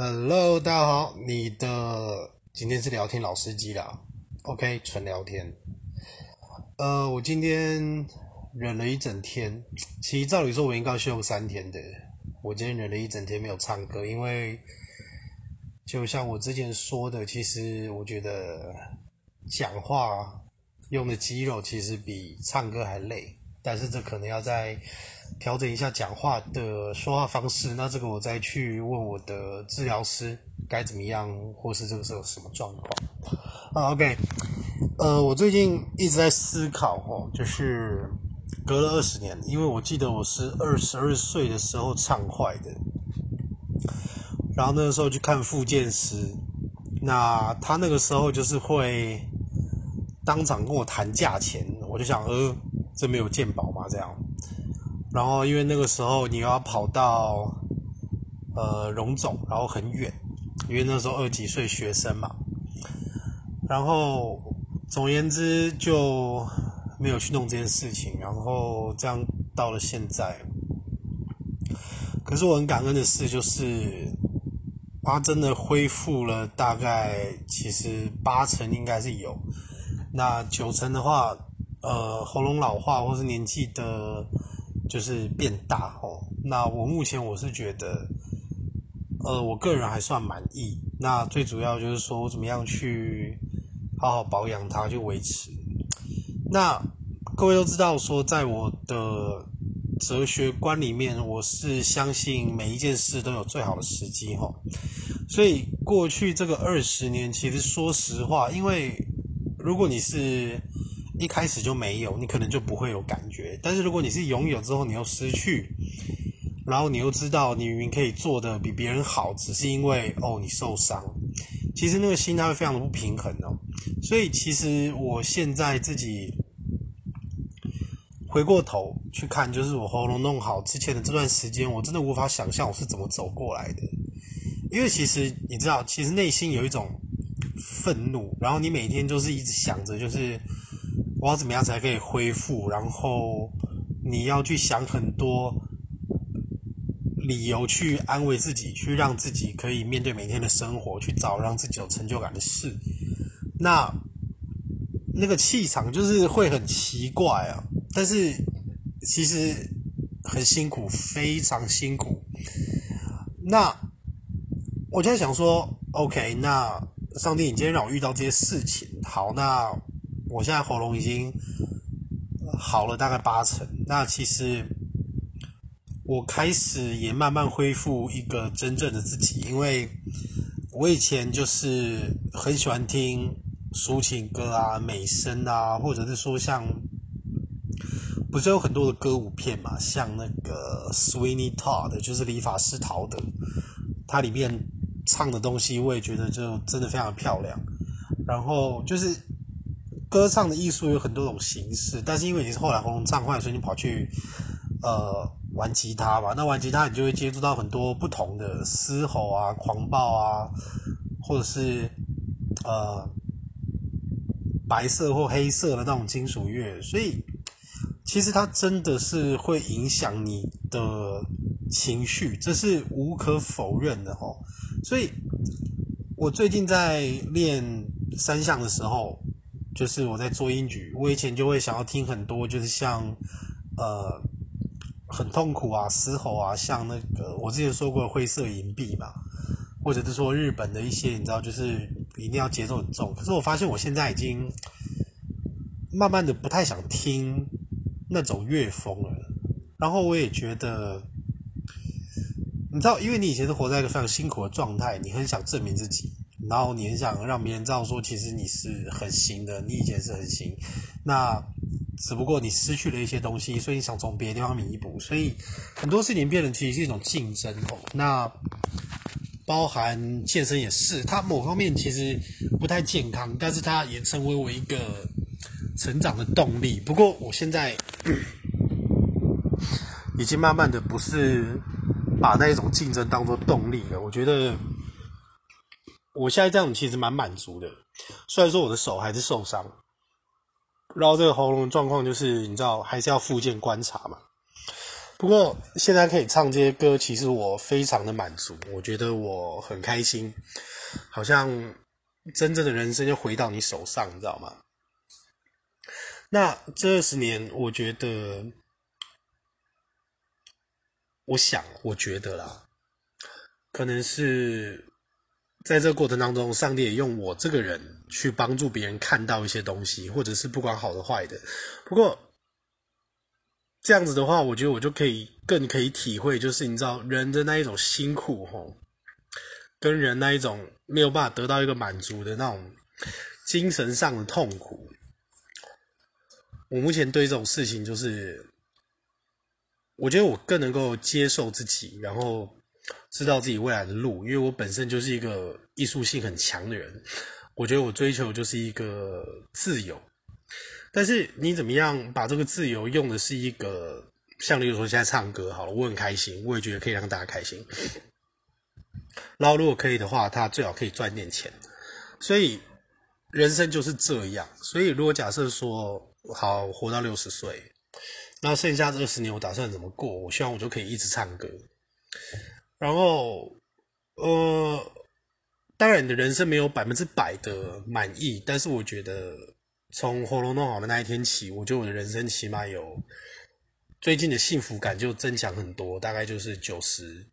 Hello，大家好，你的今天是聊天老司機了，OK，純聊天。呃，我今天忍了一整天，其實照理說我應該要休三天的。我今天忍了一整天沒有唱歌，因為就像我之前說的，其實我覺得講話用的肌肉其實比唱歌還累。但是這可能要再調整一下講話的說話方式。那這個我再去問我的治療師該怎麼樣，或是這個時候什麼狀況啊？OK，呃，我最近一直在思考，哦，就是隔了二十年，因為我記得我是二十二歲的時候唱壞的，然後那個時候去看復健師，那他那個時候就是會當場跟我談價錢，我就想呃。這沒有健保嘛，這樣，然後因為那個時候你要跑到，呃，榮總，然後很遠，因為那時候二幾歲學生嘛，然後總言之就沒有去弄這件事情，然後這樣到了現在。可是我很感恩的事就是，他真的恢復了大概其實八成應該是有，那九成的話。呃，喉嚨老化或是年紀的，就是變大哦，那我目前我是覺得，呃，我個人還算滿意。那最主要就是說我怎麼樣去好好保養它，去維持。那各位都知道說，說在我的哲學觀裡面，我是相信每一件事都有最好的時機吼。所以過去這個二十年，其實說實話，因為如果你是。一開始就沒有，你可能就不會有感覺。但是如果你是擁有之後，你又失去，然後你又知道你明明可以做的比別人好，只是因為哦你受傷，其實那個心它會非常的不平衡哦。所以其實我現在自己回過頭去看，就是我喉嚨弄好之前的這段時間，我真的無法想象我是怎麼走過來的。因為其實你知道，其實內心有一種憤怒，然後你每天就是一直想着就是。我要怎麼樣才可以恢復？然後你要去想很多理由去安慰自己，去讓自己可以面對每天的生活，去找讓自己有成就感的事。那那個氣場就是會很奇怪啊，但是其實很辛苦，非常辛苦。那我就想說，OK，那上帝，你今天讓我遇到這些事情，好，那。我現在喉嚨已經好了大概八成，那其實我開始也慢慢恢復一個真正的自己，因為我以前就是很喜歡聽抒情歌啊、美聲啊，或者是說像不是有很多的歌舞片嘛，像那個 Sweeney Todd，就是理髮師陶德，他裡面唱的東西我也覺得就真的非常的漂亮，然後就是。歌唱的藝術有很多種形式，但是因為你是後來喉嚨唱壞，所以你跑去，呃，玩吉他吧，那玩吉他，你就會接觸到很多不同的嘶吼啊、狂暴啊，或者是，呃，白色或黑色的那種金屬樂。所以，其實它真的是會影響你的情緒，這是無可否認的齁。所以我最近在練三項的時候。就是我在做音樂劇，我以前就會想要聽很多，就是像，呃，很痛苦啊，嘶吼啊，像那個我之前說過的灰色銀幣嘛，或者是說日本的一些，你知道，就是一定要節奏很重。可是我發現我現在已經慢慢的不太想聽那種樂風了，然後我也覺得，你知道，因為你以前是活在一個非常辛苦的狀態，你很想證明自己。然後你很想讓別人這樣說，其實你是很行的，你以前是很行，那只不過你失去了一些東西，所以你想從別的地方彌補，所以很多事情變成其實是一種競爭哦。那包含健身也是，它某方面其實不太健康，但是它也成為我一個成長的動力。不過我現在，嗯，已經慢慢的不是把那種競爭當作動力了，我覺得。我現在這樣其實蠻滿足的，雖然說我的手還是受傷，然後這個喉嚨狀況就是你知道還是要復健觀察嘛。不過現在可以唱這些歌，其實我非常的滿足，我覺得我很開心，好像真正的人生就回到你手上，你知道嗎？那這二十年，我覺得，我想，我覺得啦，可能是。在這個過程當中，上帝也用我這個人去幫助別人看到一些東西，或者是不管好的壞的。不過這樣子的話，我覺得我就可以更可以體會，就是你知道人的那一種辛苦齁，跟人那一種沒有辦法得到一個滿足的那種精神上的痛苦。我目前對這種事情，就是我覺得我更能夠接受自己，然後。知道自己未來的路，因為我本身就是一個藝術性很強的人，我覺得我追求的就是一個自由。但是你怎麼樣把這個自由用的是一個，像例如說現在唱歌好了，我很開心，我也覺得可以讓大家開心。然後如果可以的話，他最好可以賺一點錢。所以人生就是這樣。所以如果假設說，好，我活到六十歲，那剩下這二十年我打算怎麼過？我希望我就可以一直唱歌。然後，呃，當然，你的人生沒有百分之百的滿意，但是我覺得從喉嚨弄好的那一天起，我覺得我的人生起碼有最近的幸福感就增強很多，大概就是九十、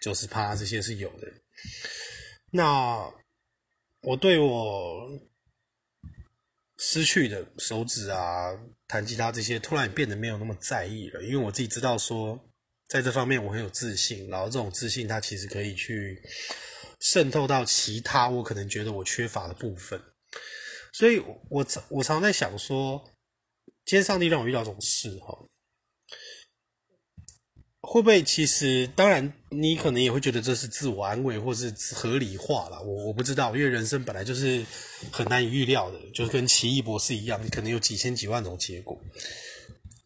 九十趴這些是有的。那我對我失去的手指啊、彈吉他這些，突然也變得沒有那麼在意了，因為我自己知道說。在這方面，我很有自信。然後，這種自信它其實可以去滲透到其他我可能覺得我缺乏的部分。所以我我常，我常在想說，今天上帝讓我遇到這種事，哈，會不會其實當然你可能也會覺得這是自我安慰或是合理化啦。我我不知道，因為人生本來就是很難以預料的，就是跟奇異博士一樣，你可能有幾千幾萬種結果。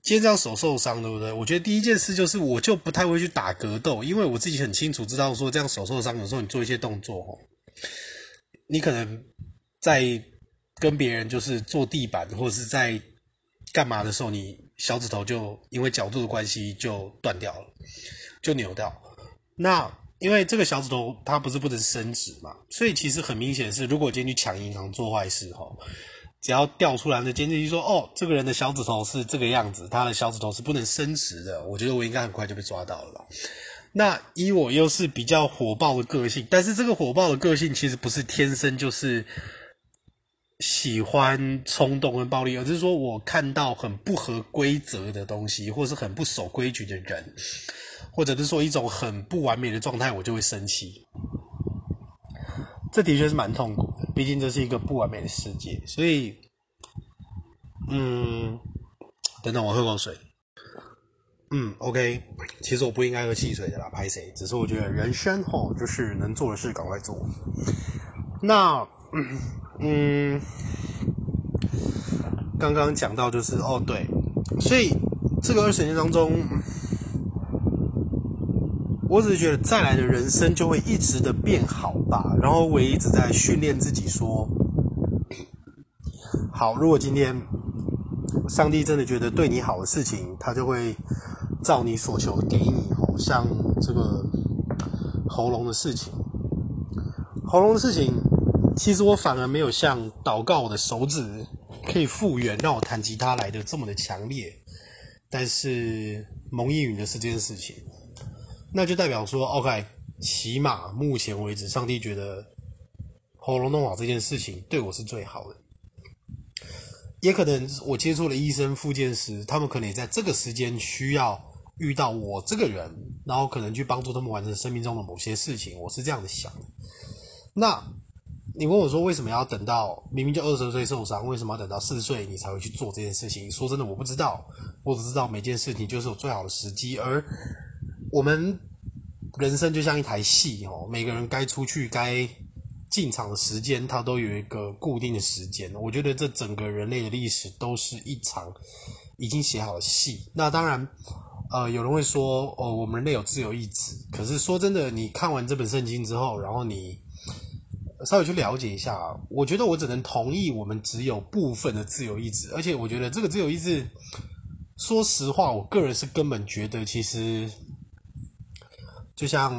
今天這樣手受傷，對不對？我覺得第一件事就是，我就不太會去打格鬥，因為我自己很清楚知道，說這樣手受傷的時候，你做一些動作，吼，你可能在跟別人就是做地板或者是在幹嘛的時候，你小指頭就因為角度的關係就斷掉了，就扭掉了。那因為這個小指頭它不是不能伸直嘛，所以其實很明顯是，如果今天去搶銀行做壞事，只要掉出來的鑑定機說，哦，這個人的小指頭是這個樣子，他的小指頭是不能伸直的，我覺得我應該很快就被抓到了吧。那以我又是比較火爆的個性，但是這個火爆的個性其實不是天生就是喜歡衝動跟暴力，而是說我看到很不合規則的東西，或是很不守規矩的人，或者是說一種很不完美的狀態，我就會生氣。這的確是蠻痛苦的，畢竟這是一個不完美的世界。所以，嗯，等等，我喝口水。嗯，OK，其實我不應該喝汽水的啦，歹勢。只是我覺得人生齁，就是能做的事趕快做。那，嗯，剛剛講到就是哦，對，所以這個二十年當中。我只是覺得再來的人生就會一直的變好吧，然後我一直在訓練自己說，好，如果今天上帝真的覺得對你好的事情，他就會照你所求給你。好像這個喉嚨的、的事情，喉嚨的事情，其實我反而沒有像禱告我的手指可以復原讓我彈吉他來的這麼的強烈，但是蒙應允的是這件事情。那就代表說，OK，起碼目前為止，上帝覺得喉嚨弄好這件事情對我是最好的。也可能我接觸了醫生、復健師，他們可能也在這個時間需要遇到我這個人，然後可能去幫助他們完成生命中的某些事情。我是這樣子想的。那你問我說為明明，為什麼要等到明明就二十歲受傷，為什麼要等到四十歲你才會去做這件事情？說真的，我不知道。我只知道每件事情就是我最好的時機，而。我們人生就像一臺戲哦，每個人該出去、該進場的時間，它都有一個固定的時間。我覺得這整個人類的歷史都是一場已經寫好的戲。那當然，呃，有人會說哦，我們人類有自由意志。可是說真的，你看完這本聖經之後，然後你稍微去了解一下，我覺得我只能同意，我們只有部分的自由意志。而且我覺得這個自由意志，說實話，我個人是根本覺得其實。就像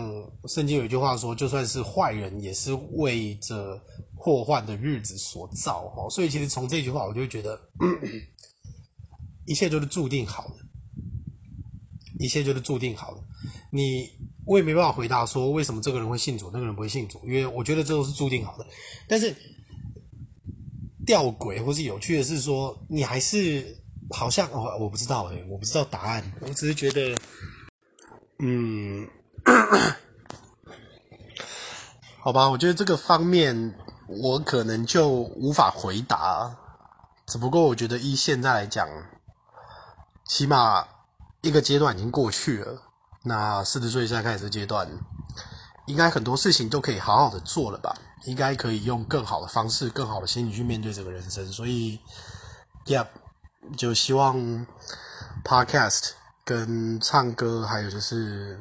聖經有一句話說，就算是壞人，也是為着禍患的日子所造。所以其實從這句話，我就覺得 一切都是註定好的，一切就是註定好的。你我也沒辦法回答說為什麼這個人會信主，那個人不會信主，因為我覺得這都是註定好的。但是弔詭或是有趣的是說，說你還是好像、哦、我不知道哎、欸，我不知道答案，我只是覺得，嗯。 好吧，我覺得這個方面我可能就無法回答。只不過我覺得，以現在來講，起碼一個階段已經過去了。那四十歲現在開始這階段，應該很多事情都可以好好的做了吧？應該可以用更好的方式、更好的心情去面對這個人生。所以 Yep, 就希望 Podcast 跟唱歌，還有就是。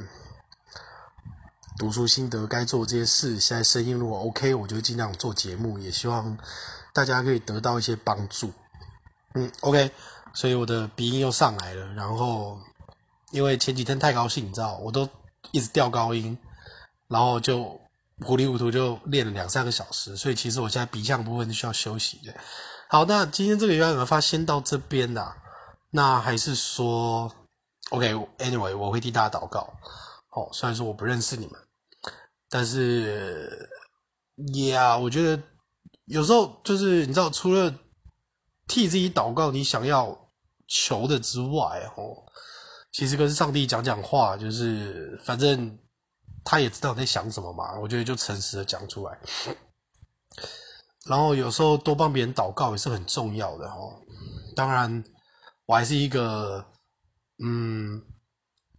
讀書心得，該做這些事。現在聲音如果 OK，我就盡量做節目，也希望大家可以得到一些幫助。嗯，OK，所以我的鼻音又上來了，然後因為前幾天太高興，你知道，我都一直掉高音，然後就糊里糊塗就練了兩三個小時，所以其實我現在鼻腔部分就需要休息的。好，那今天這個圓圓發先到這邊啦，啊。那還是說，OK，Anyway，OK, 我會替大家禱告。哦，雖然說我不認識你們。但是，啊，我覺得有時候就是你知道，除了替自己禱告你想要求的之外，吼，其實跟上帝講講話，就是反正他也知道你在想什麼嘛。我覺得就誠實的講出來，然後有時候多幫別人禱告也是很重要的吼。當然，我還是一個，嗯。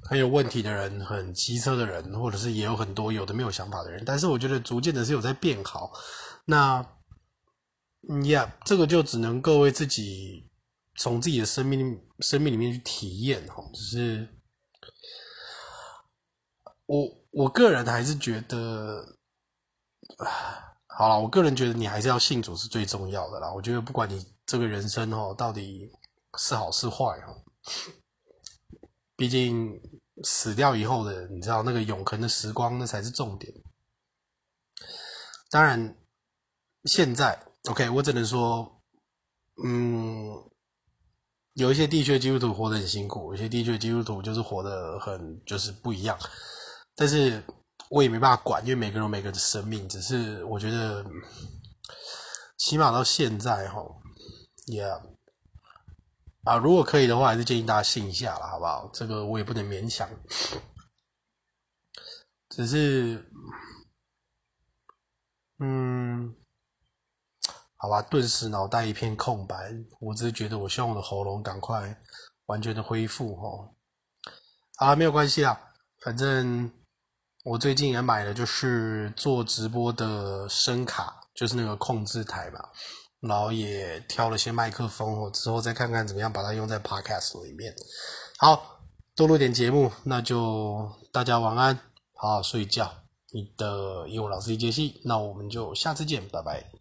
很有問題的人，很機車的人，或者是也有很多有的沒有想法的人，但是我覺得逐漸的是有在變好。那 y、yeah, 呀，這個就只能夠為自己從自己的生命生命裡面去體驗哈。只是我我個人還是覺得，好了，我個人覺得你還是要信主是最重要的啦。我覺得不管你這個人生哈到底是好是壞哈。畢竟死掉以後的，你知道那個永恆的時光，那才是重點。當然，現在，OK，我只能說，嗯，有一些地區的基督徒活得很辛苦，有些地區的基督徒就是活得很，就是不一樣。但是我也沒辦法管，因為每個人有每個人的生命，只是我覺得，起碼到現在吼也。Yeah. 啊，如果可以的話，還是建議大家信一下啦。好不好？這個我也不能勉強，只是，嗯，好吧，頓時腦袋一片空白，我只是覺得我希望我的喉嚨趕快完全的恢復吼，啊，沒有關係啦，反正我最近也買了，就是做直播的聲卡，就是那個控制台嘛。然後也挑了些麥克風，之後再看看怎麼樣把它用在 Podcast 裡面。好，多錄點節目，那就大家晚安，好好睡覺。你的英文老師傑西，那我們就下次見，拜拜。